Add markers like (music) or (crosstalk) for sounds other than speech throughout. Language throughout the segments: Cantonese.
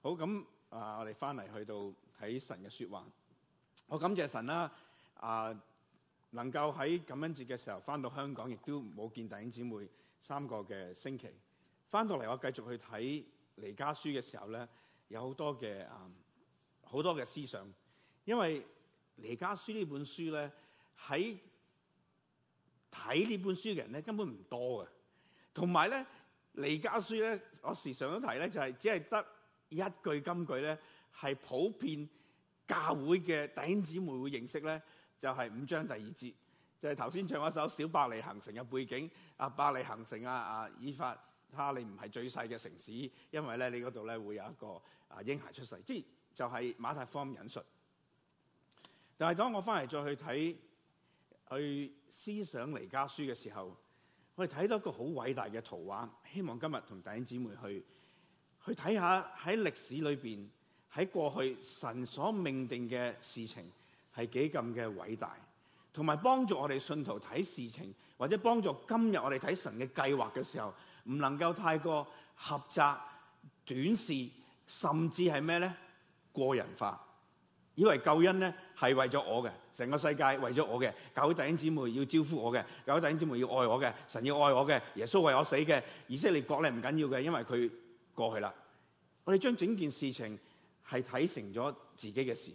好咁啊！我哋翻嚟去到睇神嘅説話，我感謝神啦啊，啊！能夠喺感恩節嘅時候翻到香港，亦都唔好見弟兄姊妹三個嘅星期。翻到嚟我繼續去睇《彌迦書》嘅時候咧，有好多嘅好、嗯、好多嘅思想，因為《彌迦書》呢本書咧，喺睇呢本書嘅人咧根本唔多嘅，同埋咧《彌迦書》呢咧，我時常都提咧就係只係得。一句金句咧，係普遍教會嘅弟兄姊妹會認識咧，就係、是、五章第二節，就係頭先唱嗰首《小伯利恆城》嘅背景。阿伯利恆城啊啊，以法他，你唔係最細嘅城市，因為咧，你嗰度咧會有一個啊嬰孩出世，即就係、是、馬太福音引述。但係當我翻嚟再去睇去思想彌迦書嘅時候，我哋睇到一個好偉大嘅圖畫，希望今日同弟兄姊妹去。去睇下喺歷史裏邊，喺過去神所命定嘅事情係幾咁嘅偉大，同埋幫助我哋信徒睇事情，或者幫助今日我哋睇神嘅計劃嘅時候，唔能夠太過狹窄、短視，甚至係咩咧？個人化，以為救恩咧係為咗我嘅，成個世界為咗我嘅，教會弟兄姊妹要招呼我嘅，教會弟兄姊妹要愛我嘅，神要愛我嘅，耶穌為我死嘅，以色列國咧唔緊要嘅，因為佢。過去啦，我哋將整件事情係睇成咗自己嘅事，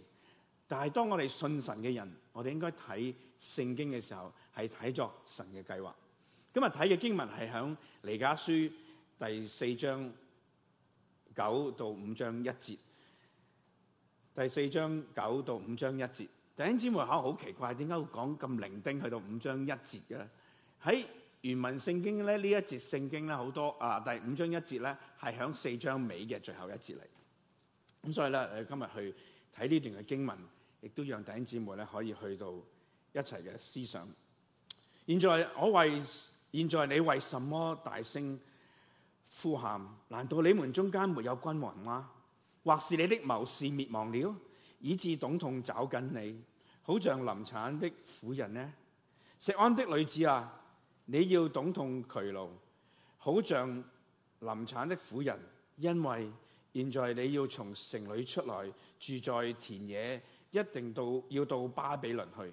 但係當我哋信神嘅人，我哋應該睇聖經嘅時候，係睇作神嘅計劃。今日睇嘅經文係響彌迦書第四章九到五章一節，第四章九到五章一節。弟兄姊妹會考好奇怪，點解會講咁零丁去到五章一節嘅咧？喺原文聖經咧，呢一節聖經咧好多啊，第五章一節咧係響四章尾嘅最後一節嚟。咁所以咧，今日去睇呢段嘅經文，亦都讓弟兄姊妹咧可以去到一齊嘅思想。現在我為現在你為什麼大聲呼喊？難道你們中間沒有君王嗎？或是你的謀士滅亡了，以致疼痛抓緊你，好像臨產的婦人呢？錫安的女子啊！你要疼痛劬勞，好像臨產的婦人，因為現在你要從城裏出來住在田野，一定到要到巴比倫去，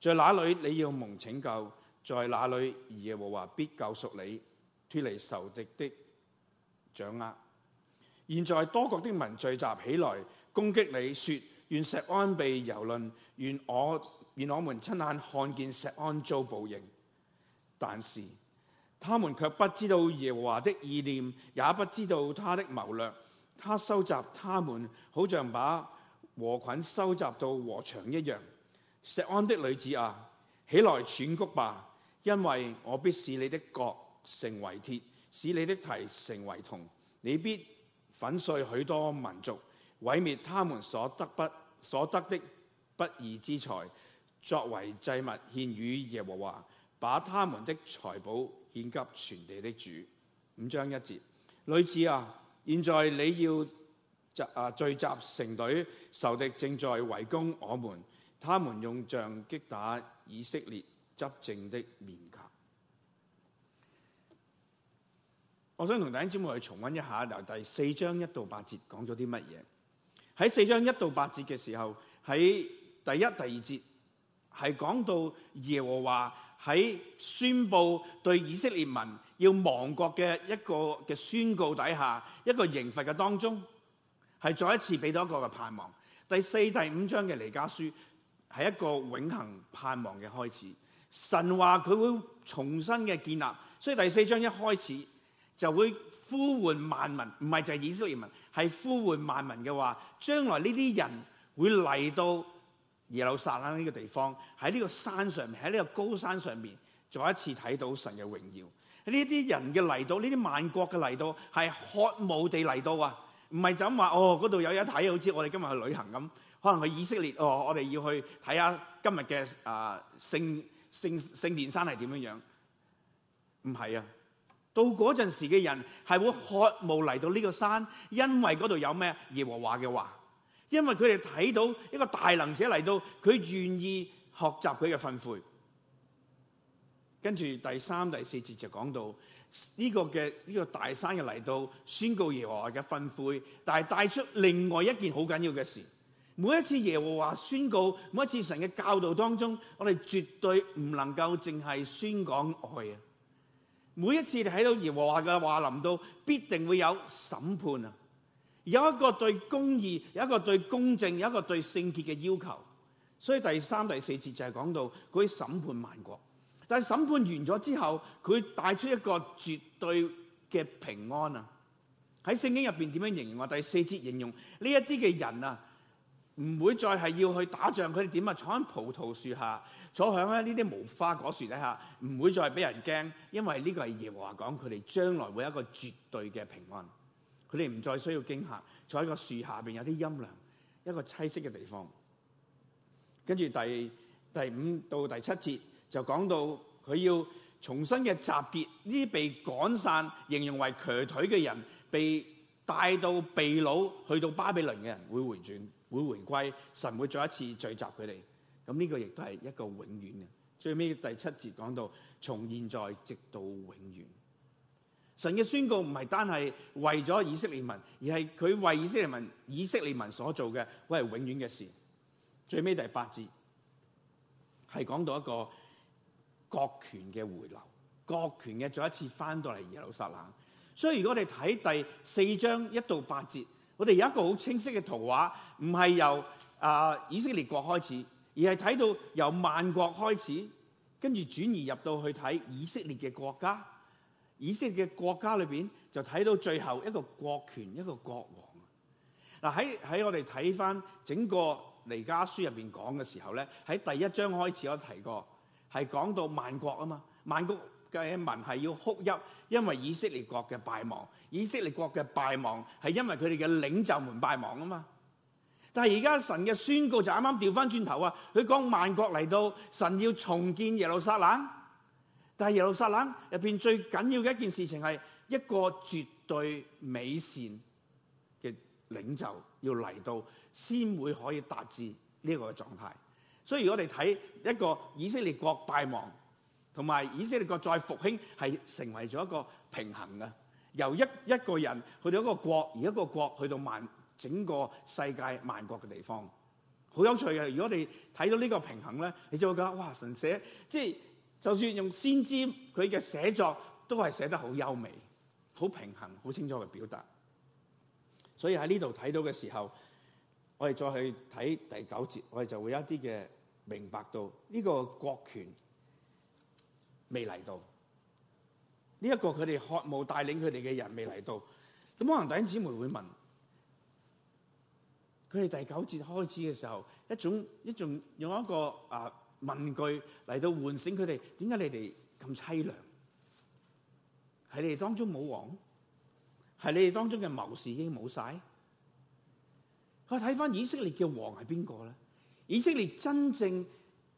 在那裡你要蒙拯救，在那裡而耶和華必救贖你，脫離仇敵的掌握。現在多國的民聚集起來攻擊你，說：願錫安被蹂躪，願我願我們親眼看見錫安遭報應。但是，他們卻不知道耶和華的意念，也不知道他的謀略。他收集他們，好像把禾捆收集到禾場一樣。錫安的女子啊，起來踹穀吧，因為我必使你的角成為鐵，使你的蹄成為銅。你必粉碎許多民族，毀滅他們所得不所得的不義之財，作為祭物獻與耶和華。把他們的財寶獻給全地的主。五章一節，女子啊，現在你要集啊，聚集成隊，仇敵正在圍攻我們。他們用杖擊打以色列執政的面頰。 (noise) 我想同大家弟兄姊妹去重溫一下由第四章一到八節講咗啲乜嘢。喺四章一到八節嘅時候，喺第一、第二節係講到耶和華。喺宣布對以色列民要亡國嘅一個嘅宣告底下，一個刑罰嘅當中，係再一次俾到一個嘅盼望。第四、第五章嘅彌迦書係一個永恆盼望嘅開始。神話佢會重新嘅建立，所以第四章一開始就會呼喚萬民，唔係就係以色列民，係呼喚萬民嘅話，將來呢啲人會嚟到。耶路撒冷呢個地方喺呢個山上邊，喺呢個高山上面，再一次睇到神嘅榮耀。呢啲人嘅嚟到，呢啲萬國嘅嚟到，係渴慕地嚟到啊！唔係就咁話哦，嗰度有人睇，好似我哋今日去旅行咁，可能去以色列哦，我哋要去睇下今日嘅啊聖聖聖，聖，聖，聖殿山係點樣樣？唔係啊，到嗰陣時嘅人係會渴慕嚟到呢個山，因為嗰度有咩耶和華嘅話。因為佢哋睇到一個大能者嚟到，佢願意學習佢嘅訓誨。跟住第三、第四節就講到呢個嘅呢個大山嘅嚟到，宣告耶和華嘅訓誨。但係帶出另外一件好緊要嘅事。每一次耶和華宣告，每一次神嘅教導當中，我哋絕對唔能夠淨係宣講愛啊！每一次你喺到耶和華嘅話臨到，必定會有審判啊！有一個對公義，有一個對公正，有一個對聖潔嘅要求。所以第三、第四節就係講到佢審判萬國。但係審判完咗之後，佢帶出一個絕對嘅平安啊！喺聖經入邊點樣形容？第四節形容呢一啲嘅人啊，唔會再係要去打仗，佢哋點啊？坐喺葡萄樹下，坐響咧呢啲無花果樹底下，唔會再俾人驚，因為呢個係耶和華講，佢哋將來會有一個絕對嘅平安。佢哋唔再需要驚嚇，坐喺個樹下邊有啲陰涼，一個棲息嘅地方。跟住第第五到第七節就講到佢要重新嘅集結，呢啲被趕散、形容為瘸腿嘅人，被帶到擄去到巴比倫嘅人會回轉，會回歸，神會再一次聚集佢哋。咁呢個亦都係一個永遠嘅。最尾第七節講到，從現在直到永遠。神嘅宣告唔係單係為咗以色列民，而係佢為以色列民，以色列民所做嘅，會係永遠嘅事。最尾第八節係講到一個國權嘅回流，國權嘅再一次翻到嚟耶路撒冷。所以如果我哋睇第四章一到八節，我哋有一個好清晰嘅圖畫，唔係由啊、呃、以色列國開始，而係睇到由萬國開始，跟住轉移入到去睇以色列嘅國家。以色列嘅國家裏面，就睇到最後一個國權，一個國王。嗱，喺喺我哋睇翻整個彌迦書入面講嘅時候咧，喺第一章開始我提過，係講到萬國啊嘛，萬國嘅民係要哭泣，因為以色列國嘅敗亡。以色列國嘅敗亡係因為佢哋嘅領袖們敗亡啊嘛。但係而家神嘅宣告就啱啱調翻轉頭啊！佢講萬國嚟到，神要重建耶路撒冷。但係耶路撒冷入邊最緊要嘅一件事情係一個絕對美善嘅領袖要嚟到，先會可以達至呢個嘅狀態。所以如果我哋睇一個以色列國敗亡，同埋以色列國再復興，係成為咗一個平衡嘅。由一一個人去到一個國，而一個國去到萬整個世界萬國嘅地方，好有趣嘅。如果你睇到呢個平衡咧，你就會覺得哇！神寫，即係。就算用先知佢嘅寫作都係寫得好優美、好平衡、好清楚嘅表達。所以喺呢度睇到嘅時候，我哋再去睇第九節，我哋就會有一啲嘅明白到呢、這個國權未嚟到，呢、這、一個佢哋渴慕帶領佢哋嘅人未嚟到。咁可能弟兄姊妹會問，佢哋第九節開始嘅時候，一種一種用一個啊，問句嚟到喚醒佢哋，點解你哋咁淒涼？喺你哋當中冇王，係你哋當中嘅謀士已經冇晒。我睇翻以色列嘅王係邊個咧？以色列真正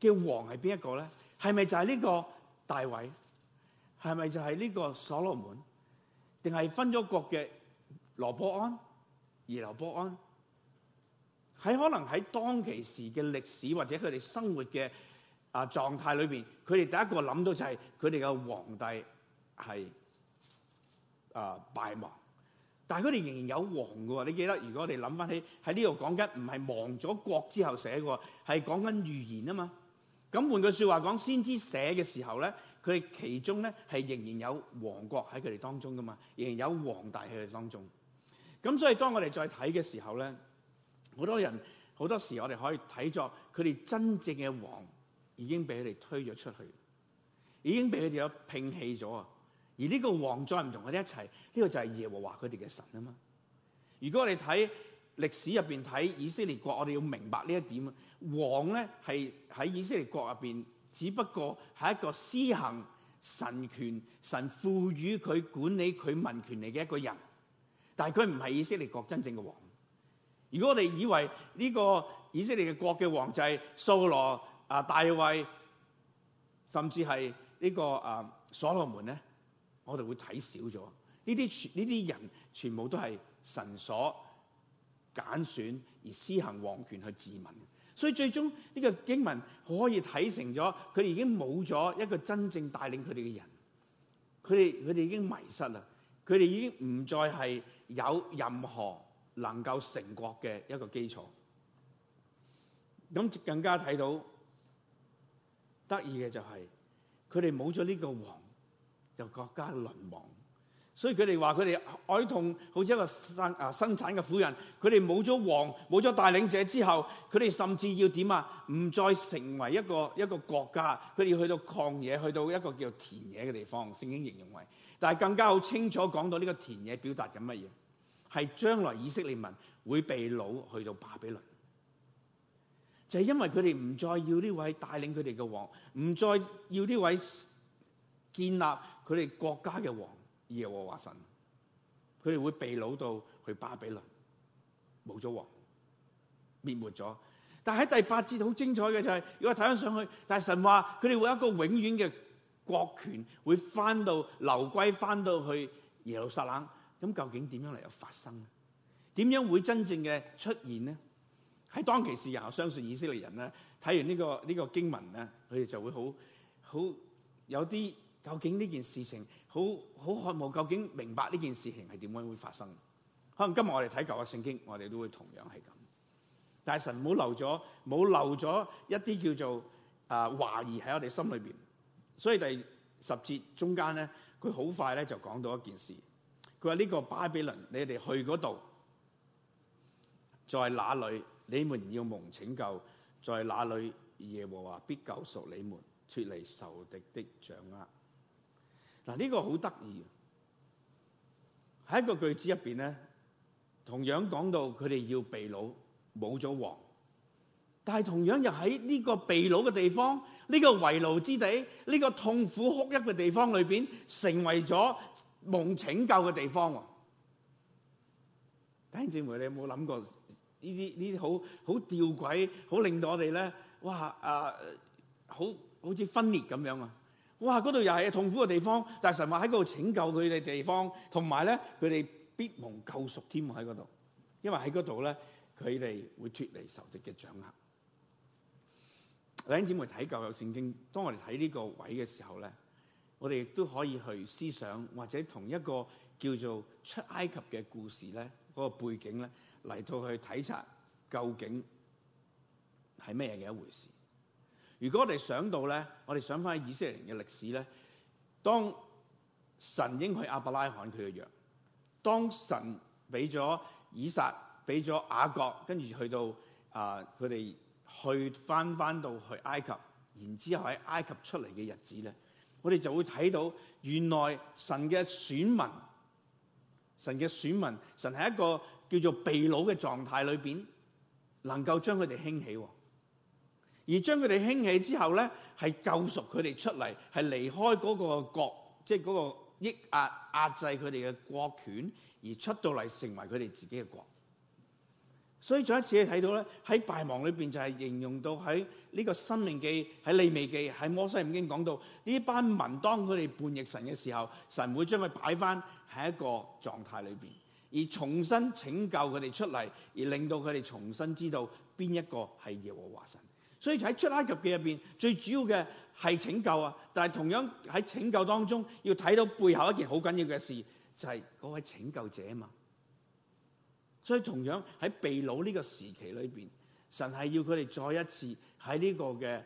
嘅王係邊一個咧？係咪就係呢個大衛？係咪就係呢個所羅門？定係分咗國嘅羅波安、耶羅波安？喺可能喺當其時嘅歷史或者佢哋生活嘅。啊！狀態裏邊，佢哋第一個諗到就係佢哋嘅皇帝係啊敗亡，但係佢哋仍然有王嘅喎。你記得，如果我哋諗翻起喺呢度講緊，唔係亡咗國之後寫嘅喎，係講緊預言啊嘛。咁換句説話講，先知寫嘅時候咧，佢哋其中咧係仍然有王國喺佢哋當中嘅嘛，仍然有皇帝喺佢哋當中。咁所以當我哋再睇嘅時候咧，好多人好多時我哋可以睇作佢哋真正嘅王。已經俾佢哋推咗出去，已經俾佢哋有摒棄咗啊。而呢個王再唔同佢哋一齊，呢、這個就係耶和華佢哋嘅神啊嘛。如果我哋睇歷史入邊睇以色列國，我哋要明白呢一點啊。王咧係喺以色列國入邊，只不過係一個施行神權、神賦予佢管理佢民權利嘅一個人，但係佢唔係以色列國真正嘅王。如果我哋以為呢個以色列嘅國嘅王就係掃羅，啊，大衛，甚至係呢個啊所羅門咧，我哋會睇少咗呢啲。呢啲人全部都係神所揀選而施行王權去治民，所以最終呢個經文可以睇成咗，佢哋已經冇咗一個真正帶領佢哋嘅人，佢哋佢哋已經迷失啦，佢哋已經唔再係有任何能夠成國嘅一個基礎。咁更加睇到。得意嘅就係佢哋冇咗呢個王，就國家淪亡。所以佢哋話佢哋哀痛，好似一個生啊生產嘅婦人。佢哋冇咗王，冇咗帶領者之後，佢哋甚至要點啊？唔再成為一個一個國家，佢哋要去到曠野，去到一個叫田野嘅地方。聖經形容為，但係更加好清楚講到呢個田野表達緊乜嘢？係將來以色列民會被擄去到巴比倫。就係因為佢哋唔再要呢位帶領佢哋嘅王，唔再要呢位建立佢哋國家嘅王耶和華神，佢哋會被擄到去巴比倫，冇咗王，滅沒咗。但喺第八節好精彩嘅就係，如果睇翻上去，但神話佢哋會有一個永遠嘅國權會翻到流歸翻到去耶路撒冷。咁究竟點樣嚟到發生？點樣會真正嘅出現呢？喺當其時，然後相信以色列人咧，睇完呢個呢個經文咧，佢哋就會好好有啲究竟呢件事情，好好渴望究竟明白呢件事情係點樣會發生。可能今日我哋睇舊嘅聖經，我哋都會同樣係咁。但係神冇漏咗冇漏咗一啲叫做啊懷疑喺我哋心裏邊。所以第十節中間咧，佢好快咧就講到一件事。佢話：呢個巴比倫，你哋去嗰度，在哪裏？你們要蒙拯救，在那裏耶和華必救贖你們，脱離仇敵的掌握。嗱、這個，呢個好得意，喺一個句子入邊咧，同樣講到佢哋要被擄，冇咗王，但係同樣又喺呢個被擄嘅地方，呢、這個圍牢之地，呢、這個痛苦哭泣嘅地方裏邊，成為咗蒙拯救嘅地方。弟兄姊妹，你有冇諗過？呢啲呢啲好好吊詭，好令到我哋咧，哇啊，好好似分裂咁樣啊！哇，嗰度又係痛苦嘅地方，但神話喺嗰度拯救佢哋地方，同埋咧佢哋必蒙救贖添喺嗰度，因為喺嗰度咧佢哋會脫離仇敵嘅掌握。弟兄姊妹睇舊約聖經，當我哋睇呢個位嘅時候咧，我哋亦都可以去思想或者同一個叫做出埃及嘅故事咧嗰個背景咧。嚟到去睇察究竟係咩嘢嘅一回事？如果我哋想到咧，我哋想翻以色列嘅歷史咧，當神應許亞伯拉罕佢嘅約，當神俾咗以撒，俾咗雅各，跟住去到啊，呃、佢哋去翻翻到去埃及，然之後喺埃及出嚟嘅日子咧，我哋就會睇到原來神嘅選民。神嘅選民，神係一個叫做被擄嘅狀態裏邊，能夠將佢哋興起，而將佢哋興起之後咧，係救贖佢哋出嚟，係離開 𠮶 個國，即係 𠮶 個抑壓壓制佢哋嘅國權，而出到嚟成為佢哋自己嘅國。所以再一次你睇到咧，喺敗亡裏邊就係形容到喺呢個申命記，喺利未記，喺摩西五經講到呢班民當佢哋叛逆神嘅時候，神會將佢擺翻喺一個狀態裏邊，而重新拯救佢哋出嚟，而令到佢哋重新知道邊一個係耶和華神。所以喺出埃及記入邊最主要嘅係拯救啊，但係同樣喺拯救當中要睇到背後一件好緊要嘅事，就係嗰位拯救者啊嘛。所以同樣喺被擄呢個時期裏邊，神係要佢哋再一次喺呢個嘅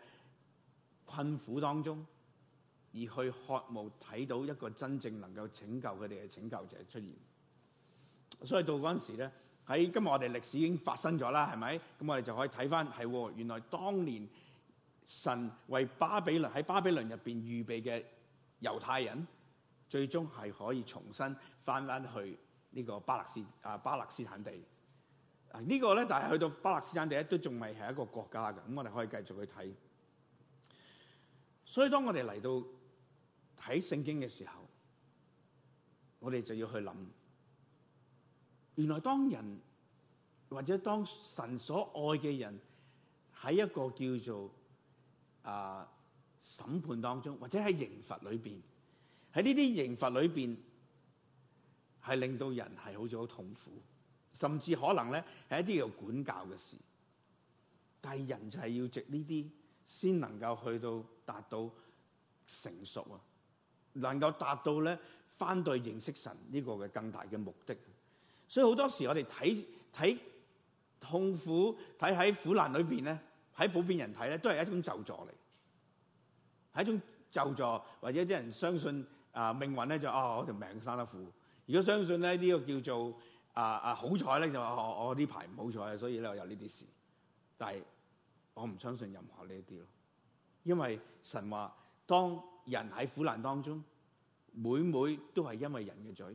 困苦當中，而去渴慕睇到一個真正能夠拯救佢哋嘅拯救者出現。所以到嗰陣時咧，喺今日我哋歷史已經發生咗啦，係咪？咁我哋就可以睇翻，係原來當年神為巴比倫喺巴比倫入邊預備嘅猶太人，最終係可以重新翻翻去。呢、這個巴勒斯啊巴勒斯坦地，這個、呢個咧，但係去到巴勒斯坦地咧，都仲未係一個國家嘅。咁、嗯、我哋可以繼續去睇。所以當我哋嚟到睇聖經嘅時候，我哋就要去諗，原來當人或者當神所愛嘅人喺一個叫做啊審判當中，或者喺刑罰裏邊，喺呢啲刑罰裏邊。係令到人係好似好痛苦，甚至可能咧係一啲要管教嘅事。但係人就係要藉呢啲，先能夠去到達到成熟啊，能夠達到咧翻對認識神呢個嘅更大嘅目的。所以好多時候我哋睇睇痛苦，睇喺苦難裏邊咧，喺普遍人睇咧，都係一種咒詛嚟，係一種咒詛，或者啲人相信啊命運咧就是、哦，我條命生得苦。如果相信咧，呢、呢個叫做啊啊好彩咧，就話我我呢排唔好彩，所以咧我有呢啲事。但係我唔相信任何呢一啲咯，因為神話當人喺苦難當中，每每都係因為人嘅罪。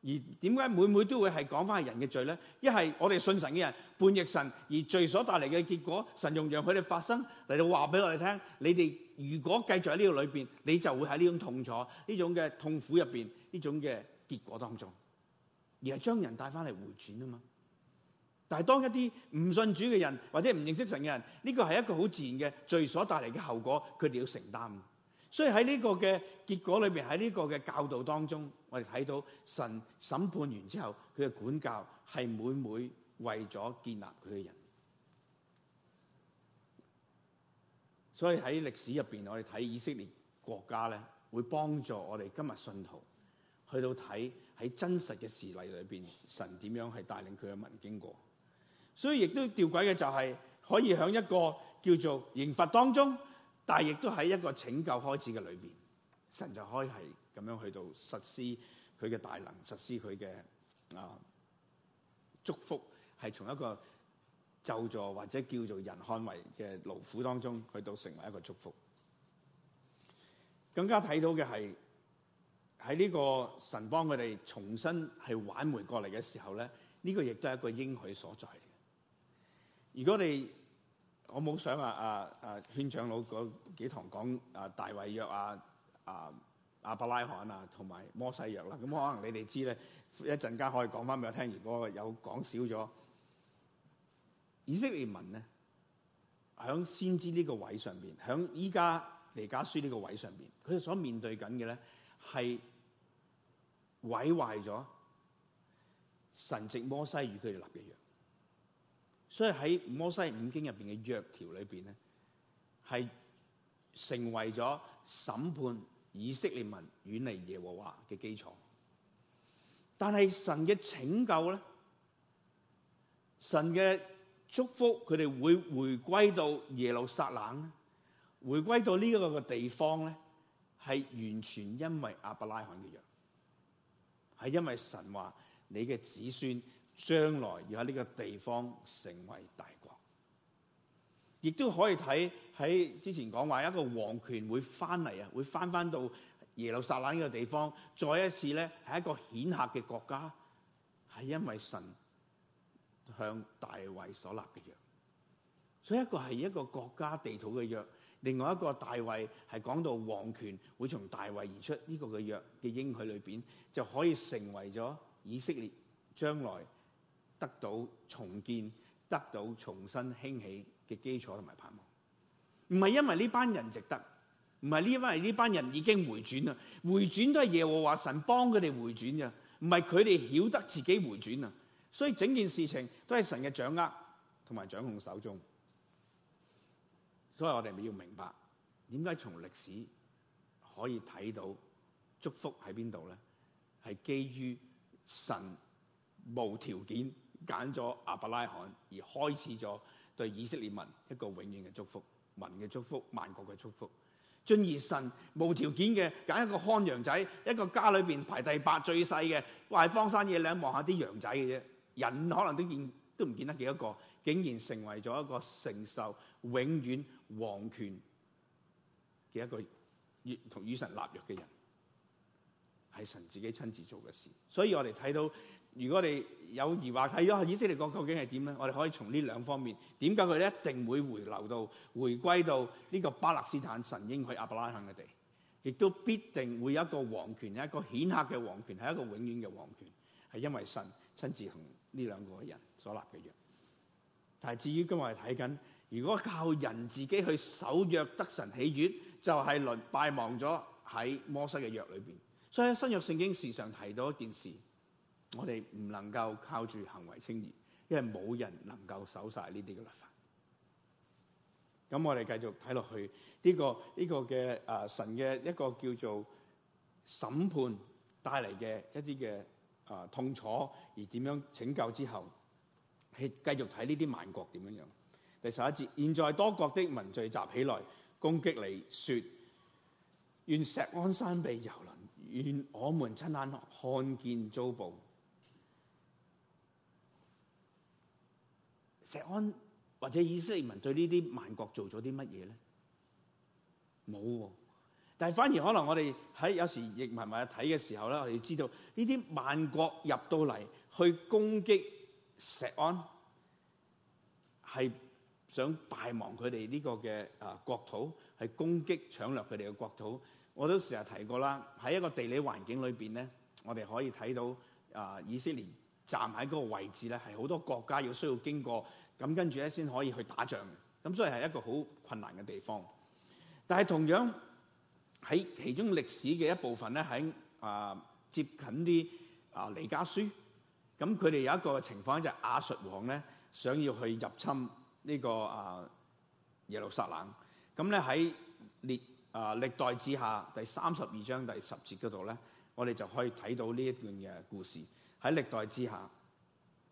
而點解每每都會係講翻係人嘅罪咧？一係我哋信神嘅人叛逆神，而罪所帶嚟嘅結果，神容讓佢哋發生嚟到話俾我哋聽：你哋如果繼續喺呢個裏面，你就會喺呢種痛楚、呢種嘅痛苦入面，呢種嘅。結果當中，而係將人帶翻嚟回轉啊嘛！但係當一啲唔信主嘅人或者唔認識神嘅人，呢個係一個好自然嘅罪所帶嚟嘅後果，佢哋要承擔。所以喺呢個嘅結果裏邊，喺呢個嘅教導當中，我哋睇到神審判完之後，佢嘅管教係每每為咗建立佢嘅人。所以喺歷史入邊，我哋睇以色列國家呢，會幫助我哋今日信徒。去到睇喺真實嘅事例裏邊，神點樣係帶領佢嘅民經過，所以亦都吊詭嘅就係、是、可以喺一個叫做刑罰當中，但係亦都喺一個拯救開始嘅裏邊，神就可以係咁樣去到實施佢嘅大能，實施佢嘅啊祝福，係從一個咒詛或者叫做人看為嘅勞苦當中，去到成為一個祝福，更加睇到嘅係。喺呢個神幫佢哋重新係挽回過嚟嘅時候咧，呢、這個亦都係一個應許所在。如果你，我冇想啊啊啊，勸長老嗰幾堂講啊，大衛約啊啊，亞、啊、伯拉罕啊，同埋摩西約啦，咁可能你哋知咧，一陣間可以講翻俾我聽。如果有講少咗，以色列民咧，喺先知呢個位上邊，喺依家彌迦書呢個位上邊，佢哋所面對緊嘅咧。係毀壞咗神藉摩西與佢哋立嘅約，所以喺摩西五經入邊嘅約條裏邊咧，係成為咗審判以色列民遠離耶和華嘅基礎。但係神嘅拯救咧，神嘅祝福佢哋會回歸到耶路撒冷，回歸到呢一個嘅地方咧。係完全因為亞伯拉罕嘅約，係因為神話你嘅子孫將來要喺呢個地方成為大國，亦都可以睇喺之前講話一個王權會翻嚟啊，會翻翻到耶路撒冷呢個地方，再一次咧係一個顯赫嘅國家，係因為神向大衛所立嘅約，所以一個係一個國家地土嘅約。另外一個大衞係講到王權會從大衞而出，呢個嘅約嘅應許裏邊就可以成為咗以色列將來得到重建、得到重新興起嘅基礎同埋盼望。唔係因為呢班人值得，唔係呢因為呢班人已經回轉啦，回轉都係耶和華神幫佢哋回轉嘅，唔係佢哋曉得自己回轉啊。所以整件事情都係神嘅掌握同埋掌控手中。所以我哋要明白點解從歷史可以睇到祝福喺邊度咧？係基於神無條件揀咗亞伯拉罕而開始咗對以色列民一個永遠嘅祝福，民嘅祝福、萬國嘅祝福。進而神無條件嘅揀一個看羊仔，一個家裏面排第八最細嘅，話係荒山野嶺望下啲羊仔嘅啫，人可能都見，都唔見得幾多個，竟然成為咗一個承受永遠王權嘅一個同與神立約嘅人，係神自己親自做嘅事。所以我哋睇到，如果我哋有疑惑睇咗以色列國究竟係點咧，我哋可以從呢兩方面點解佢一定會回流到回歸到呢個巴勒斯坦神應許阿伯拉罕嘅地，亦都必定會有一個王權係一個顯赫嘅王權係一個永遠嘅王權係因為神親自行呢兩個人。所立嘅約，但係至於今日係睇緊，如果靠人自己去守約得神喜悅，就係、是、淪拜望咗喺摩西嘅約裏邊。所以喺新約聖經時常提到一件事，我哋唔能夠靠住行為稱義，因為冇人能夠守晒呢啲嘅律法。咁我哋繼續睇落去呢、這個呢、這個嘅啊、呃、神嘅一個叫做審判帶嚟嘅一啲嘅啊痛楚，而點樣拯救之後？繼續睇呢啲萬國點樣樣。第十一節，現在多國的民聚集起來攻擊你，説：願錫安山被蹂躪，願我們親眼看見遭報。錫安或者以色列民對呢啲萬國做咗啲乜嘢咧？冇。啊、但係反而可能我哋喺有時亦唔係咪睇嘅時候咧，我哋知道呢啲萬國入到嚟去攻擊。石安係想敗亡佢哋呢個嘅啊國土，係攻擊搶掠佢哋嘅國土。我都成日提過啦，喺一個地理環境裏邊咧，我哋可以睇到啊以色列站喺嗰個位置咧，係好多國家要需要經過，咁跟住咧先可以去打仗，咁所以係一個好困難嘅地方。但係同樣喺其中歷史嘅一部分咧，喺啊接近啲啊彌迦書。咁佢哋有一個情況，就係、是、亞述王咧想要去入侵呢、這個啊耶路撒冷，咁咧喺列啊歷代志下第三十二章第十節嗰度咧，我哋就可以睇到呢一段嘅故事。喺歷代志下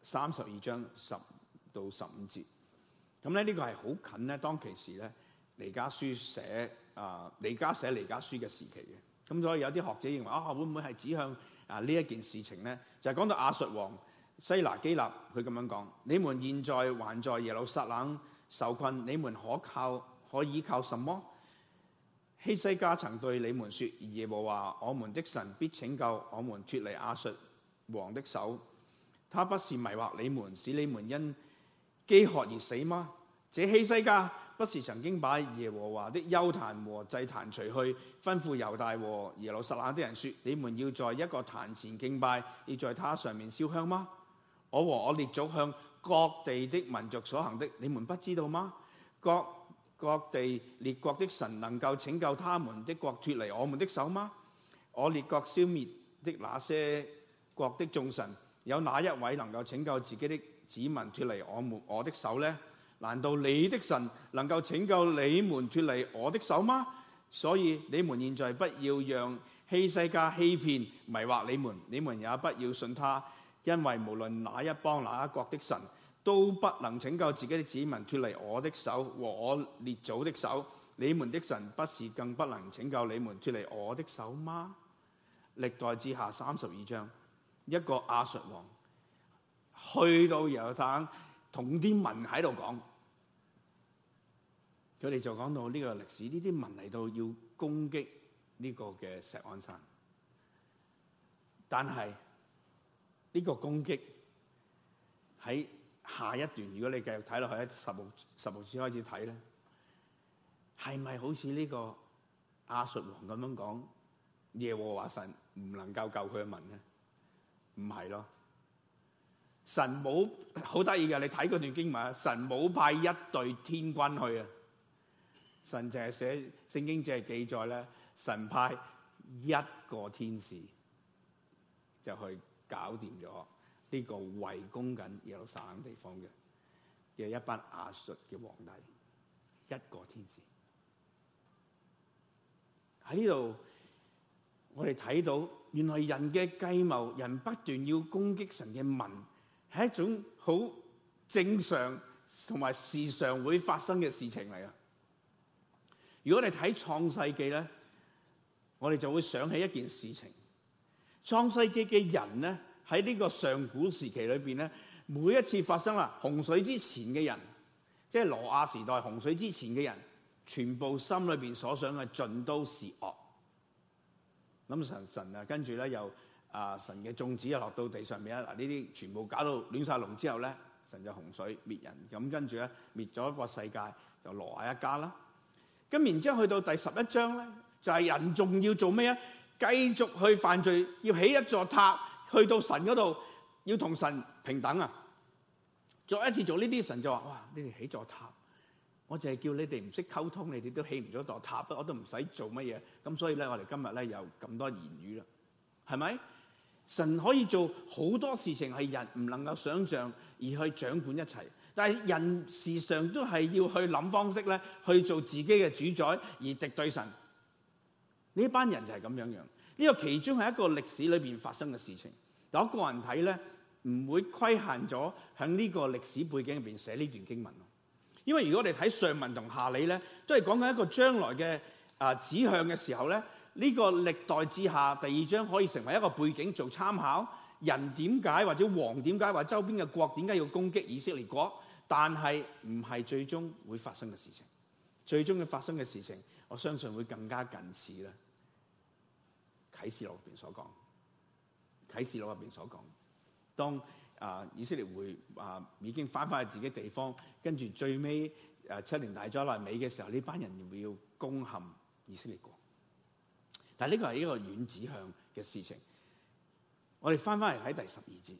三十二章十到十五節。咁咧呢個係好近咧當其時咧彌迦書寫啊彌迦寫彌迦書嘅時期嘅，咁所以有啲學者認為，啊會唔會係指向？啊！呢一件事情呢，就係、是、講到亞述王西拿基立，佢咁樣講：你們現在還在耶路撒冷受困，你們可靠可依靠什麼？希西家曾對你們説：耶和華我們的神必拯救我們，脱離亞述王的手。他不是迷惑你們，使你們因饑渴而死嗎？這希西家。不是曾經把耶和華的丘壇和祭壇除去，吩咐猶大和耶路撒冷的人說：你們要在一個壇前敬拜，要在他上面燒香嗎？我和我列祖向各地的民族所行的，你們不知道嗎？各各地列國的神能夠拯救他們的國脫離我們的手嗎？我列國消滅的那些國的眾神，有哪一位能夠拯救自己的子民脫離我們我的手呢？難道你的神能夠拯救你們脫離我的手嗎？所以你們現在不要讓希西家欺騙迷惑你們，你們也不要信他，因為無論哪一幫哪一國的神都不能拯救自己的子民脫離我的手和我列祖的手，你們的神不是更不能拯救你們脫離我的手嗎？歷代志下三十二章，一個亞述王去到猶太。同啲文喺度講，佢哋就講到呢個歷史，呢啲文嚟到要攻擊呢個嘅錫安山，但係呢個攻擊喺下一段，如果你繼續睇落去喺十六、十六章開始睇咧，係咪好似呢個亞述王咁樣講耶和華神唔能夠救佢嘅民咧？唔係咯。神冇好得意嘅，你睇嗰段經文啊！神冇派一隊天軍去啊！神淨係寫聖經，淨係記載咧，神派一個天使就去搞掂咗呢個圍攻緊耶路撒冷地方嘅嘅一班亞述嘅皇帝。一個天使喺呢度，我哋睇到原來人嘅計謀，人不斷要攻擊神嘅民，係一種好正常同埋時常會發生嘅事情嚟啊！如果你睇《創世記》咧，我哋就會想起一件事情，創紀的《創世記》嘅人咧，喺呢個上古時期裏邊咧，每一次發生啦洪水之前嘅人，即係羅亞時代洪水之前嘅人，全部心裏邊所想嘅盡都是惡。咁神神啊，跟住咧又。啊！神嘅種子啊，落到地上面啊，嗱呢啲全部搞到亂晒龍之後咧，神就洪水滅人，咁跟住咧滅咗一個世界，就挪亞一家啦。咁然之後去到第十一章咧，就係、是、人仲要做咩啊？繼續去犯罪，要起一座塔，去到神嗰度要同神平等啊！再一次做呢啲，神就話：哇！你哋起座塔，我淨係叫你哋唔識溝通，你哋都起唔咗座塔，不過我都唔使做乜嘢。咁所以咧，我哋今日咧有咁多言語啦，係咪？神可以做好多事情，係人唔能夠想象，而去掌管一切，但係人時常都係要去諗方式咧，去做自己嘅主宰而敵對神。呢班人就係咁樣樣。呢個其中係一個歷史裏邊發生嘅事情。有一個人睇咧，唔會規限咗響呢個歷史背景入邊寫呢段經文。因為如果你睇上文同下理咧，都係講緊一個將來嘅指向嘅時候咧。呢、這個歷代志下第二章可以成為一個背景做參考人，人點解或者王點解或周邊嘅國點解要攻擊以色列國，但係唔係最終會發生嘅事情，最終嘅發生嘅事情，我相信會更加近似啦。啟示錄邊所講啟示錄入邊所講，當啊、呃、以色列會啊、呃、已經返返去自己的地方，跟住最尾誒、呃、七年大災難尾嘅時候，呢班人會要攻陷以色列國。但呢個係一個遠指向嘅事情。我哋翻翻嚟睇第十二節，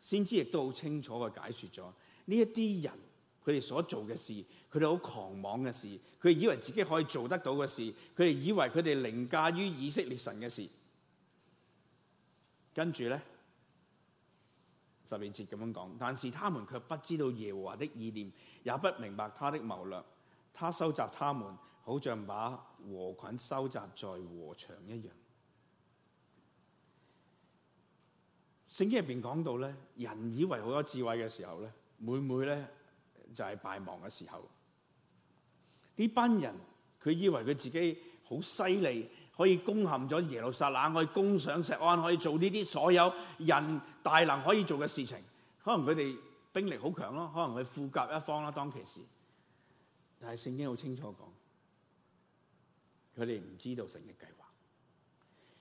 先知亦都好清楚嘅解説咗呢一啲人佢哋所做嘅事，佢哋好狂妄嘅事，佢哋以為自己可以做得到嘅事，佢哋以為佢哋凌駕於以色列神嘅事。跟住咧，十二節咁樣講，但是他們卻不知道耶和華的意念，也不明白他的謀略，他收集他們。好像把禾捆收集在禾場一樣。聖經入邊講到咧，人以為好多智慧嘅時候咧，每每咧就係敗亡嘅時候。呢班人佢以為佢自己好犀利，可以攻陷咗耶路撒冷，可以攻上錫安，可以做呢啲所有人大能可以做嘅事情。可能佢哋兵力好強咯，可能佢富甲一方啦。當其時，但係聖經好清楚講。佢哋唔知道神嘅計劃，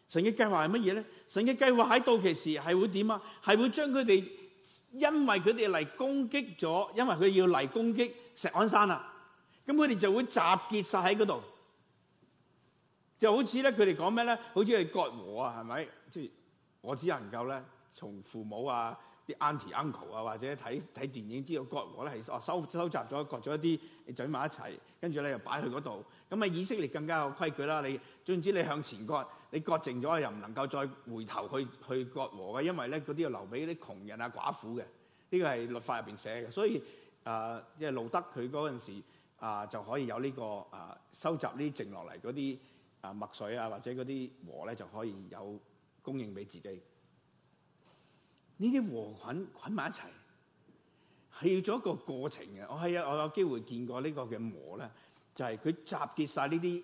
神嘅計劃係乜嘢咧？神嘅計劃喺到期時係會點啊？係會將佢哋因為佢哋嚟攻擊咗，因為佢要嚟攻擊錫安山啦，咁佢哋就會集結晒喺嗰度，就好似咧佢哋講咩咧？好似係割禾啊，係咪？即係我只能夠咧從父母啊。啲 aunty uncle 啊或者睇睇電影知道割禾咧係收收集咗割咗一啲攢埋一齊，跟住咧又擺去嗰度。咁啊以色列更加有規矩啦，你總之你向前割，你割淨咗又唔能夠再回頭去去割禾嘅，因為咧嗰啲要留俾啲窮人啊寡婦嘅。呢個係律法入邊寫嘅，所以啊即係路德佢嗰陣時啊、呃、就可以有呢、呢個啊收集呢剩落嚟嗰啲啊麥穗啊或者嗰啲禾咧就可以有供應俾自己。呢啲禾捆捆埋一齊，係要做一個過程嘅。我係啊，我有機會見過呢個嘅磨，咧，就係、是、佢集結晒呢啲，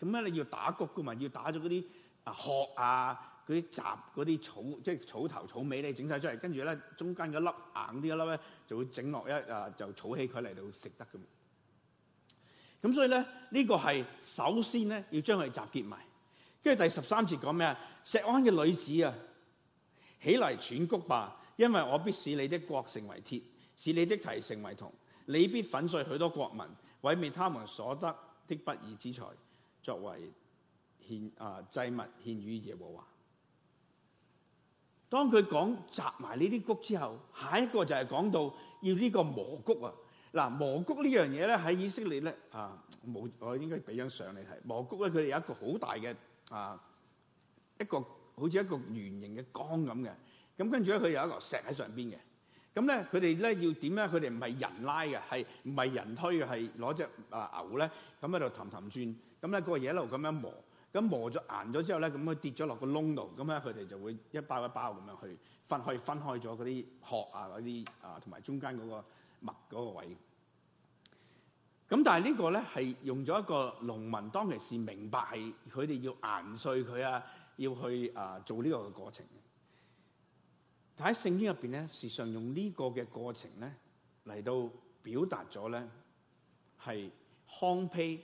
咁咧你要打穀噶嘛，要打咗嗰啲啊殼啊，嗰啲雜嗰啲草，即係草頭草尾咧整晒出嚟，跟住咧中間嘅粒硬啲一粒咧，就會整落一啊就儲起佢嚟到食得嘅。咁所以咧呢、這個係首先咧要將佢集結埋。跟住第十三節講咩啊？錫安嘅女子啊！起來踹穀吧，因為我必使你的國成為鐵，使你的蹄成為銅。你必粉碎許多國民，毀滅他們所得的不義之財，作為獻啊祭物獻與耶和華。當佢講集埋呢啲穀之後，下一個就係講到要呢個磨穀啊。嗱，磨穀呢樣嘢咧喺以色列咧啊，冇，我應該俾張相你睇。磨穀咧佢哋有一個好大嘅啊一個。好似一個圓形嘅缸咁嘅，咁跟住咧佢有一個石喺上邊嘅，咁咧佢哋咧要點咧？佢哋唔係人拉嘅，係唔係人推嘅？係攞隻啊牛咧咁喺度氹氹轉，咁、那、咧個嘢一路咁樣磨，咁磨咗硬咗之後咧，咁佢跌咗落個窿度，咁咧佢哋就會一包一包咁樣去分，可以分開咗嗰啲殼啊嗰啲啊同埋中間嗰個麥嗰個位。咁但係呢個咧係用咗一個農民當其時明白係佢哋要研碎佢啊。要去啊做呢個過程，但喺聖經入邊咧，時常用呢個嘅過程咧嚟到表達咗咧，係糠秕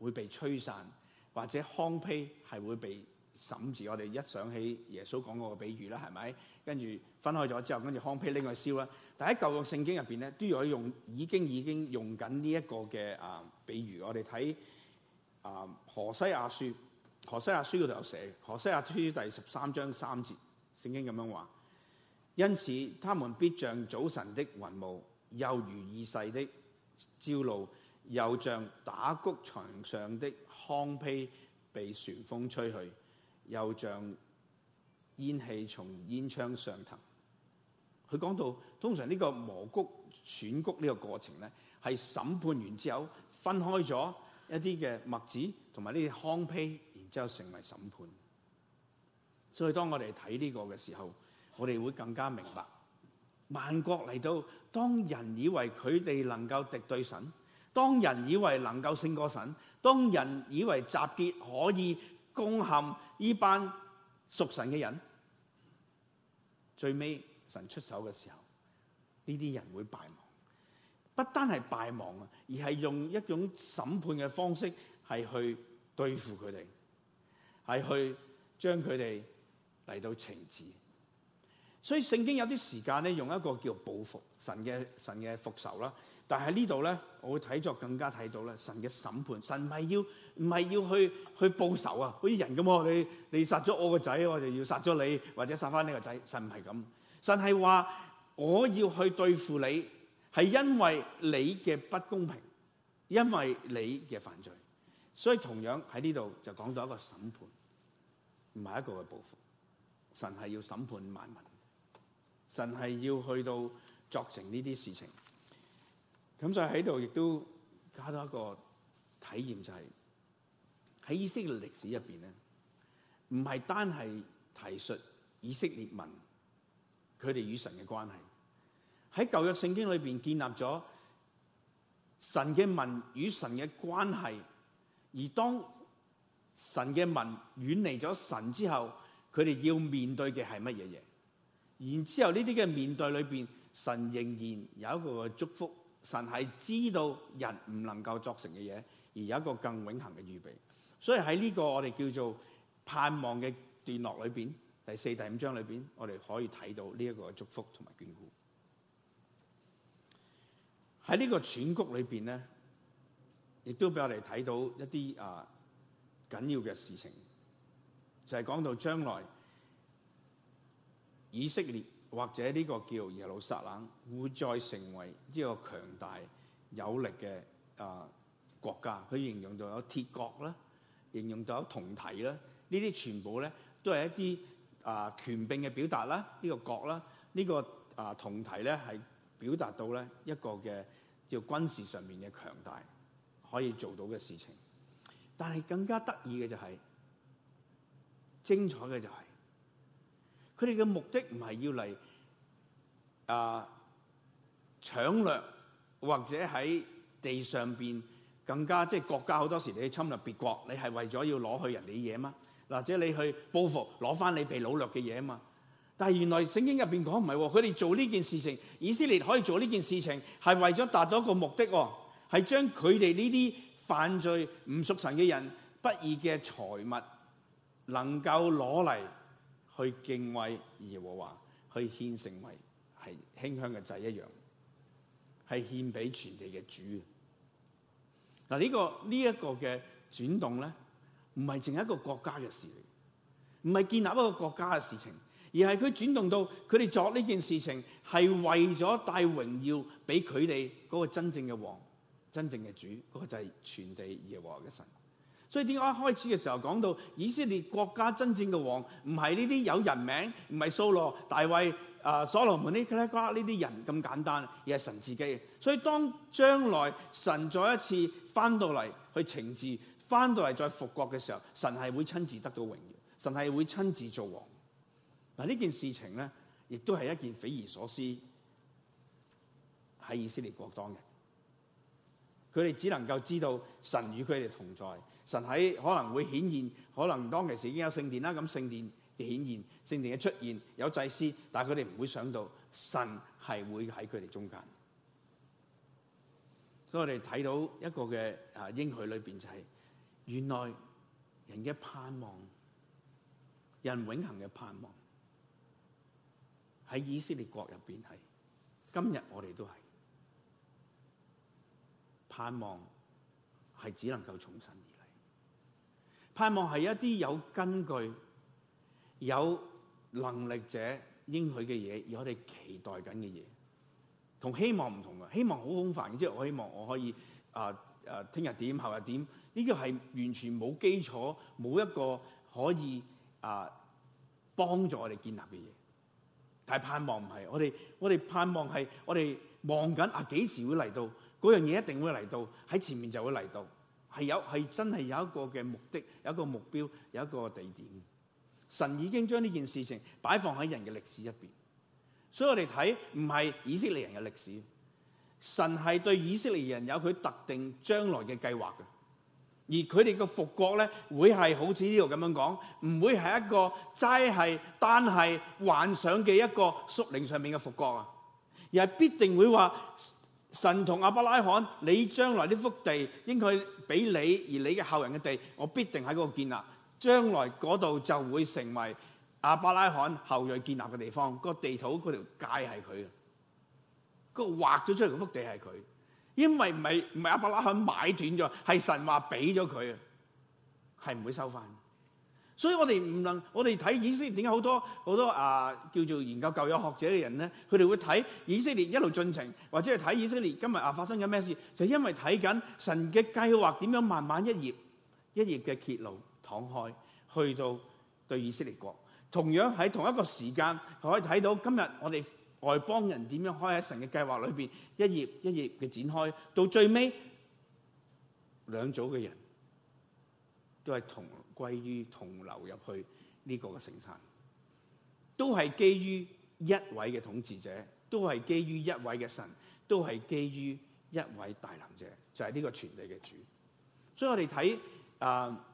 會被吹散，或者糠秕係會被審治。我哋一想起耶穌講嗰個比喻啦，係咪？跟住分開咗之後，跟住糠秕拎去燒啦。但喺舊約聖經入邊咧，都要用，已經已經用緊呢一個嘅啊、呃，比如我哋睇啊何西阿書。何西阿書度有寫，《何西阿書》第十三章三節，聖經咁樣話：因此他們必像早晨的雲霧，又如易逝的朝露，又像打谷場上的糠秕被旋風吹去，又像煙氣從煙窗上騰。佢講到通常呢個磨谷選谷呢個過程咧，係審判完之後分開咗一啲嘅麥子同埋呢啲糠秕。之後成為審判，所以當我哋睇呢個嘅時候，我哋會更加明白，萬國嚟到，當人以為佢哋能夠敵對神，當人以為能夠勝過神，當人以為集結可以攻陷呢班屬神嘅人，最尾神出手嘅時候，呢啲人會敗亡，不單係敗亡啊，而係用一種審判嘅方式係去對付佢哋，係去將佢哋嚟到懲治，所以聖經有啲時間咧，用一個叫報復神嘅神嘅復仇啦。但係呢度咧，我會睇作更加睇到咧神嘅審判。神唔係要唔係要去去報仇啊，好似人咁，你你殺咗我個仔，我就要殺咗你，或者殺翻你個仔。神唔係咁，神係話我要去對付你，係因為你嘅不公平，因為你嘅犯罪。所以同樣喺呢度就講到一個審判，唔係一個嘅報復，神係要審判萬民，神係要去到作成呢啲事情。咁就喺度亦都加多一個體驗，就係喺以色列歷史入邊咧，唔係單係提述以色列民佢哋與神嘅關係，喺舊約聖經裏邊建立咗神嘅民與神嘅關係。而當神嘅民遠離咗神之後，佢哋要面對嘅係乜嘢嘢？然之後呢啲嘅面對裏邊，神仍然有一個祝福。神係知道人唔能夠作成嘅嘢，而有一個更永恆嘅預備。所以喺呢個我哋叫做盼望嘅段落裏邊，第四、第五章裏邊，我哋可以睇到呢一個祝福同埋眷顧。喺呢個喘谷裏邊咧。亦都俾我哋睇到一啲啊緊要嘅事情，就係講到將來以色列或者呢個叫耶路撒冷會再成為一個強大有力嘅啊國家。佢形容到有鐵角啦，形容到有銅蹄啦。呢啲全部咧都係一啲啊權柄嘅表達啦。呢個角啦，呢個啊銅蹄咧係表達到咧一個嘅叫軍事上面嘅強大，可以做到嘅事情，但係更加得意嘅就係、是、精彩嘅就係佢哋嘅目的唔係要嚟啊、呃、搶掠或者喺地上邊更加即係、就是、國家好多時你侵略別國，你係為咗要攞去人哋嘢嘛？或者你去報復攞翻你被擄掠嘅嘢嘛？但係原來聖經入邊講唔係，佢哋、哦、做呢件事情，以色列可以做呢件事情，係為咗達到一個目的、哦。係將佢哋呢啲犯罪唔屬神嘅人不義嘅財物，能夠攞嚟去敬畏耶和華，去獻成為係馨香嘅祭一樣，係獻俾全地嘅主，這個。嗱、這、呢個呢一個嘅轉動咧，唔係淨係一個國家嘅事嚟，唔係建立一個國家嘅事情，而係佢轉動到佢哋作呢件事情係為咗帶榮耀俾佢哋嗰個真正嘅王。真正嘅主，嗰、那個就係傳遞耶和華嘅神。所以點解一開始嘅時候講到以色列國家真正嘅王，唔係呢啲有人名，唔係掃羅、大衛、啊、呃、所羅門呢？呢啲人咁簡單，而係神自己。所以當將來神再一次翻到嚟去懲治，翻到嚟再復國嘅時候，神係會親自得到榮耀，神係會親自做王。嗱呢件事情咧，亦都係一件匪夷所思喺以色列國當嘅。佢哋只能夠知道神與佢哋同在，神喺可能會顯現，可能當其時已經有聖殿啦，咁聖殿嘅顯現、聖殿嘅出現有祭司，但係佢哋唔會想到神係會喺佢哋中間。所以我哋睇到一個嘅啊應許裏邊就係、是、原來人嘅盼望，人永恆嘅盼望喺以色列國入邊係，今日我哋都係。盼望係只能夠重新而嚟，盼望係一啲有根據、有能力者應許嘅嘢，而我哋期待緊嘅嘢，同希望唔同嘅。希望好空泛，即係我希望我可以啊啊，聽日點，後日點，呢個係完全冇基礎、冇一個可以啊幫助我哋建立嘅嘢。但係盼望唔係，我哋我哋盼望係我哋望緊啊，幾時會嚟到？嗰樣嘢，一定會嚟到，喺前面就會嚟到，係有係真係有一個嘅目的，有一個目標，有一個地點。神已經將呢件事情擺放喺人嘅歷史入邊，所以我哋睇唔係以色列人嘅歷史，神係對以色列人有佢特定將來嘅計劃嘅，而佢哋嘅復國咧會係好似呢度咁樣講，唔會係一個齋係單係幻想嘅一個屬靈上面嘅復國啊，而係必定會話。神同亞伯拉罕，你將來呢幅地應佢俾你，而你嘅後人嘅地，我必定喺嗰度建立。將來嗰度就會成為亞伯拉罕後裔建立嘅地方。個地圖、嗰條界係佢嘅，個畫咗出嚟幅地係佢，因為唔係唔係亞伯拉罕買斷咗，係神話俾咗佢，係唔會收翻。所以我哋唔能，我哋睇以色列點解好多好多啊叫做研究舊約學者嘅人咧，佢哋會睇以色列一路進程，或者係睇以色列今日啊發生緊咩事，就係因為睇緊神嘅計劃點樣慢慢一頁一頁嘅揭露敞開，去到對以色列國同樣喺同一個時間可以睇到今日我哋外邦人點樣開喺神嘅計劃裏邊一頁一頁嘅展開，到最尾兩組嘅人。都係同歸於同流入去呢個嘅聖山，都係基於一位嘅統治者，都係基於一位嘅神，都係基於一位大能者，就係呢個全地嘅主。所以我哋睇啊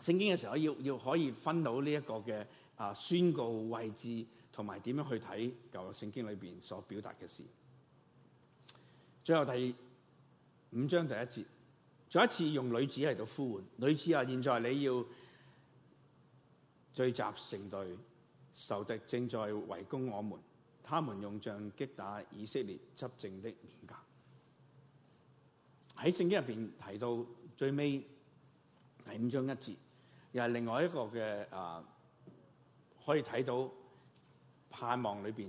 聖經嘅時候，要要可以分到呢一個嘅啊宣告位置，同埋點樣去睇舊聖經裏邊所表達嘅事。最後第五章第一節。再一次用女子嚟到呼喚女子啊！現在你要聚集成隊，仇敵正在圍攻我們，他們用杖擊打以色列執政的面頰。喺聖經入邊提到最尾第五章一節，又係另外一個嘅啊，可以睇到盼望裏邊。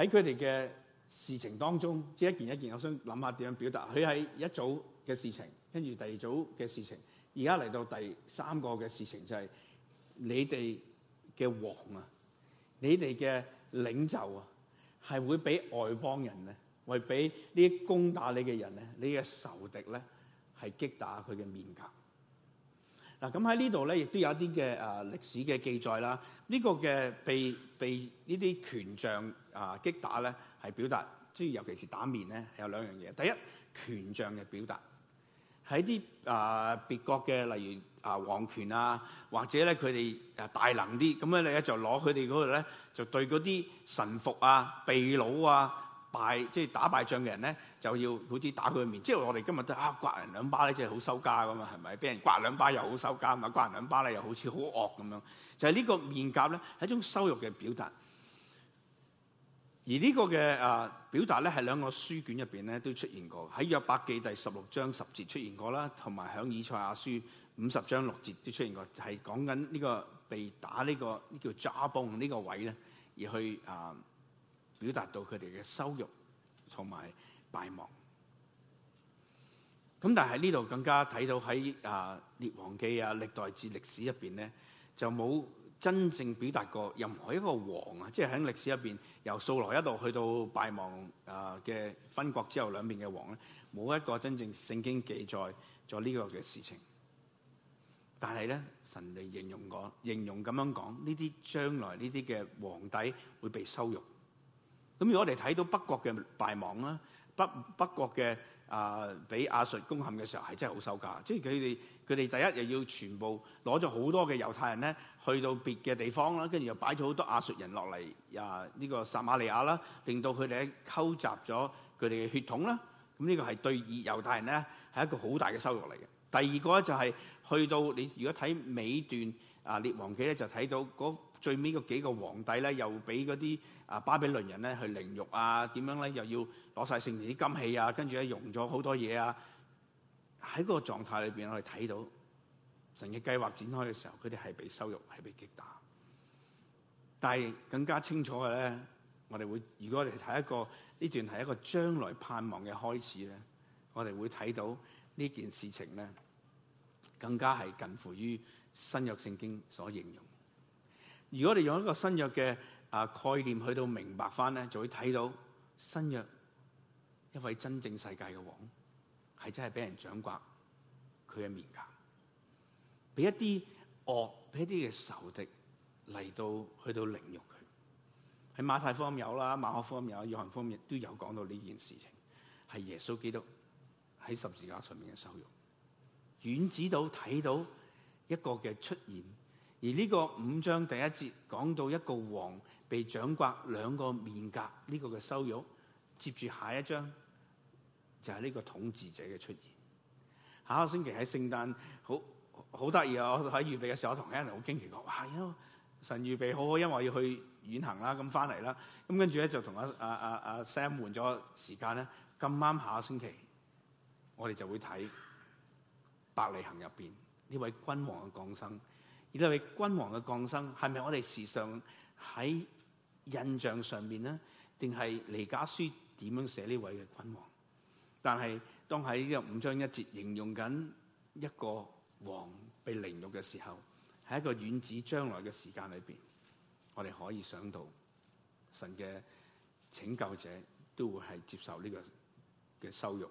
喺佢哋嘅事情當中，即一件一件，我想諗下點樣表達。佢喺一組嘅事情，跟住第二組嘅事情，而家嚟到第三個嘅事情就係、是、你哋嘅王啊，你哋嘅領袖啊，係會俾外邦人咧，會俾呢啲攻打你嘅人咧，你嘅仇敵咧，係擊打佢嘅面頰。嗱，咁喺呢度咧，亦都有一啲嘅誒歷史嘅記載啦。這啊、呢個嘅被被呢啲權杖啊擊打咧，係表達，即係尤其是打面咧，有兩樣嘢。第一，權杖嘅表達喺啲誒別國嘅，例如啊王權啊，或者咧佢哋誒大能啲，咁樣你咧就攞佢哋嗰度咧，就對嗰啲神服啊、婢女啊。敗即係打敗仗嘅人咧，就要好似打佢嘅面。即係我哋今日都啊刮人兩巴咧，即係好收家噶嘛，係咪？俾人刮兩巴又好收家嘛，刮人兩巴咧又好似好惡咁樣。就係、是、呢個面頰咧係一種羞辱嘅表達。而這個的、呃、達呢個嘅啊表達咧係兩個書卷入邊咧都出現過。喺約伯記第十六章十節出現過啦，同埋喺以賽亞書五十章六節都出現過，係講緊呢個被打呢、呢個叫抓崩呢個位咧，而去啊。呃表達到佢哋嘅羞辱同埋敗亡。咁但係呢度更加睇到喺啊《列王記》啊，歷代志歷史入邊咧，就冇真正表達過任何一個王啊，即係喺歷史入邊由掃羅一路去到敗亡啊嘅分國之後兩邊嘅王咧，冇一個真正聖經記載咗呢個嘅事情。但係咧，神嚟形容我形容咁樣講，呢啲將來呢啲嘅皇帝會被羞辱。咁如果我哋睇到北國嘅敗亡啦，北北國嘅啊，俾亞述攻陷嘅時候係真係好收穫，即係佢哋佢哋第一又要全部攞咗好多嘅猶太人咧，去到別嘅地方啦，跟住又擺咗好多亞述人落嚟啊呢個撒瑪利亞啦，令到佢哋喺溝集咗佢哋嘅血統啦，咁呢個係對猶太人咧係一個好大嘅收穫嚟嘅。第二個咧就係、是、去到你如果睇尾段啊列王記咧就睇到最尾嗰幾個皇帝咧，又俾嗰啲啊巴比倫人咧去凌辱啊，點樣咧又要攞晒聖殿啲金器啊，跟住咧熔咗好多嘢啊。喺嗰個狀態裏邊，我哋睇到神嘅計劃展開嘅時候，佢哋係被羞辱，係被擊打。但係更加清楚嘅咧，我哋會如果我哋睇一個呢段係一個將來盼望嘅開始咧，我哋會睇到呢件事情咧更加係近乎於新約聖經所形容。如果你用一個新約嘅啊概念去到明白翻咧，就會睇到新約一位真正世界嘅王，係真係俾人掌摑佢嘅面噶，俾一啲惡，俾一啲嘅仇敵嚟到去到凌辱佢。喺馬太方面有啦，馬可方面有，約翰方面亦都有講到呢件事情，係耶穌基督喺十字架上面嘅受辱，遠指到睇到一個嘅出現。而呢個五章第一節講到一個王被掌摑兩個面甲呢個嘅羞辱，接住下一章就係呢個統治者嘅出現。下個星期喺聖誕好好得意啊！我喺預備嘅時候我同啲人好驚奇講：哇！因為神預備好好，因為我要去遠行啦，咁翻嚟啦。咁跟住咧就同阿阿阿阿 Sam 換咗時間咧，咁啱下個星期我哋就會睇伯利恆入邊呢位君王嘅降生。呢位君王嘅降生，係咪我哋時常喺印象上面呢，定係彌迦書點樣寫呢位嘅君王？但係當喺呢個五章一節形容緊一個王被凌辱嘅時候，喺一個遠子將來嘅時間裏邊，我哋可以想到神嘅拯救者都會係接受呢個嘅羞辱。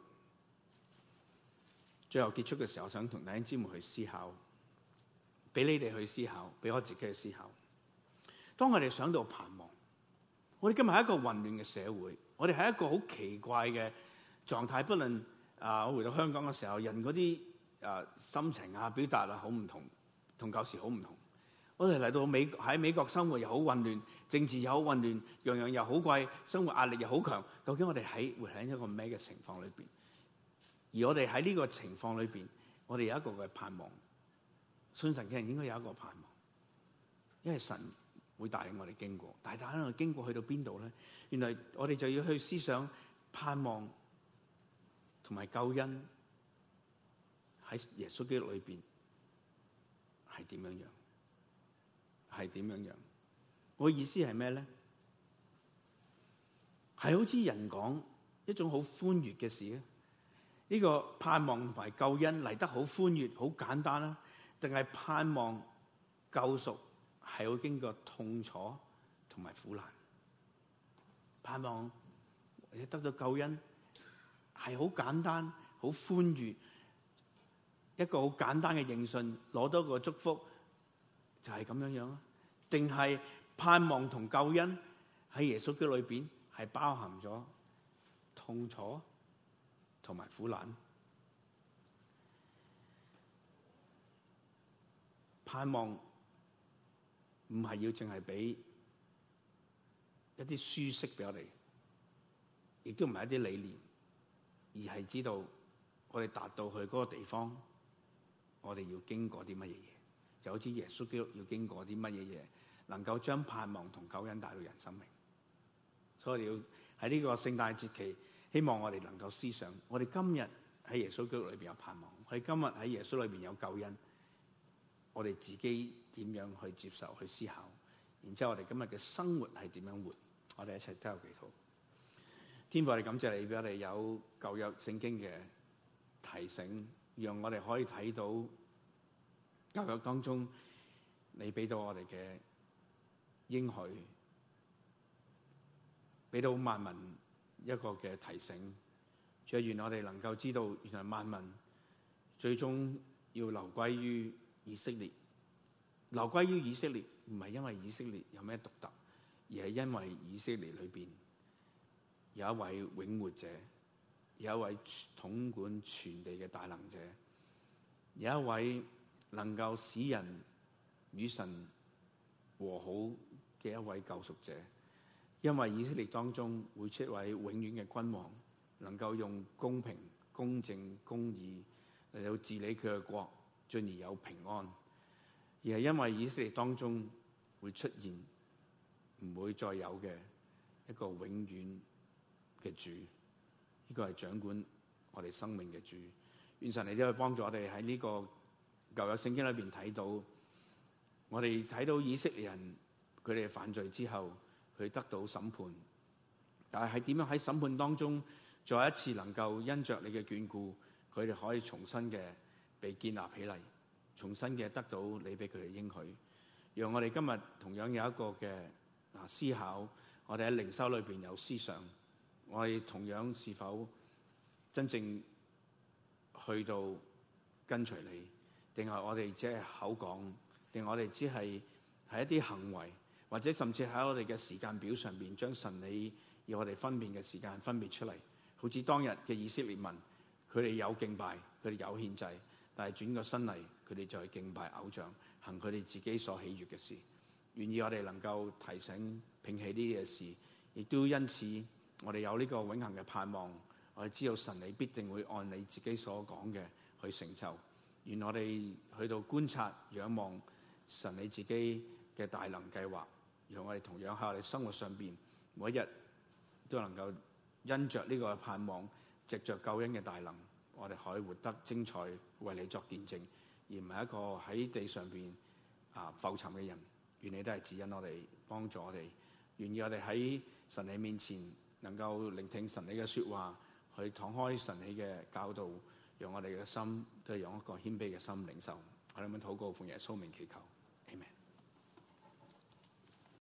最後結束嘅時候，我想同弟兄姊妹去思考。俾你哋去思考，俾我自己去思考。當我哋想到盼望，我哋今日係一個混亂嘅社會，我哋係一個好奇怪嘅狀態。不論啊，我回到香港嘅時候，人嗰啲啊心情啊表達啊好唔同，同舊時好唔同。我哋嚟到美喺美國生活又好混亂，政治又好混亂，樣樣又好貴，生活壓力又好強。究竟我哋喺活喺一個咩嘅情況裏邊？而我哋喺呢個情況裏邊，我哋有一個嘅盼望。信神嘅人應該有一個盼望，因為神會帶領我哋經過。大膽咁樣經過，去到邊度咧？原來我哋就要去思想盼望同埋救恩喺耶穌基督裏邊係點樣樣，係點樣樣。我意思係咩咧？係好似人講一種好歡悦嘅事啊！呢個盼望同埋救恩嚟得好歡悦，好簡單啦。定係盼望救贖係會經過痛楚同埋苦難，盼望或者得到救恩係好簡單好歡愉，一個好簡單嘅認信攞到個祝福就係咁樣樣啊？定係盼望同救恩喺耶穌嘅裏邊係包含咗痛楚同埋苦難？盼望唔係要淨係俾一啲舒適俾我哋，亦都唔係一啲理念，而係知道我哋達到去嗰個地方，我哋要經過啲乜嘢嘢，就好似耶穌基督要經過啲乜嘢嘢，能夠將盼望同救恩帶到人生命。所以我哋要喺呢個聖誕節期，希望我哋能夠思想，我哋今日喺耶穌基督裏邊有盼望，我哋今日喺耶穌裏邊有救恩。我哋自己點樣去接受、去思考，然之後我哋今日嘅生活係點樣活？我哋一齊都有祈禱。天父，我哋感謝你俾我哋有舊約聖經嘅提醒，讓我哋可以睇到舊約當中你俾到我哋嘅應許，俾到萬民一個嘅提醒。祝願我哋能夠知道，原來萬民最終要留歸於以色列留歸於以色列，唔係因為以色列有咩獨特，而係因為以色列裏邊有一位永活者，有一位統管全地嘅大能者，有一位能夠使人與神和好嘅一位救贖者。因為以色列當中會出一位永遠嘅君王，能夠用公平、公正、公義嚟到治理佢嘅國。進而有平安，而係因為以色列當中會出現唔會再有嘅一個永遠嘅主，呢、這個係掌管我哋生命嘅主。願神你都可以幫助我哋喺呢個舊約聖經裏邊睇到，我哋睇到以色列人佢哋犯罪之後佢得到審判，但係係點樣喺審判當中再一次能夠因着你嘅眷顧，佢哋可以重新嘅。被建立起嚟，重新嘅得到你俾佢嘅應許，讓我哋今日同樣有一個嘅思考。我哋喺靈修裏邊有思想，我哋同樣是否真正去到跟隨你，定係我哋只係口講，定我哋只係喺一啲行為或者甚至喺我哋嘅時間表上邊將神你與我哋分辨嘅時間分別出嚟，好似當日嘅以色列民，佢哋有敬拜，佢哋有獻祭。但係轉過身嚟，佢哋就係敬拜偶像，行佢哋自己所喜悦嘅事。願意我哋能夠提醒、摒棄呢啲嘅事，亦都因此，我哋有呢個永恆嘅盼望。我哋知道神你必定會按你自己所講嘅去成就。願我哋去到觀察、仰望神你自己嘅大能計劃，讓我哋同樣喺我哋生活上面，每一日都能夠因着呢個盼望，藉着救恩嘅大能。我哋可以活得精彩，為你作見證，而唔係一個喺地上邊啊浮沉嘅人。願你都係指引我哋，幫助我哋。願意我哋喺神你面前能夠聆聽神你嘅說話，去敞開神你嘅教導，讓我哋嘅心都係用一個謙卑嘅心領受。我哋咁樣禱告，奉耶穌名祈求。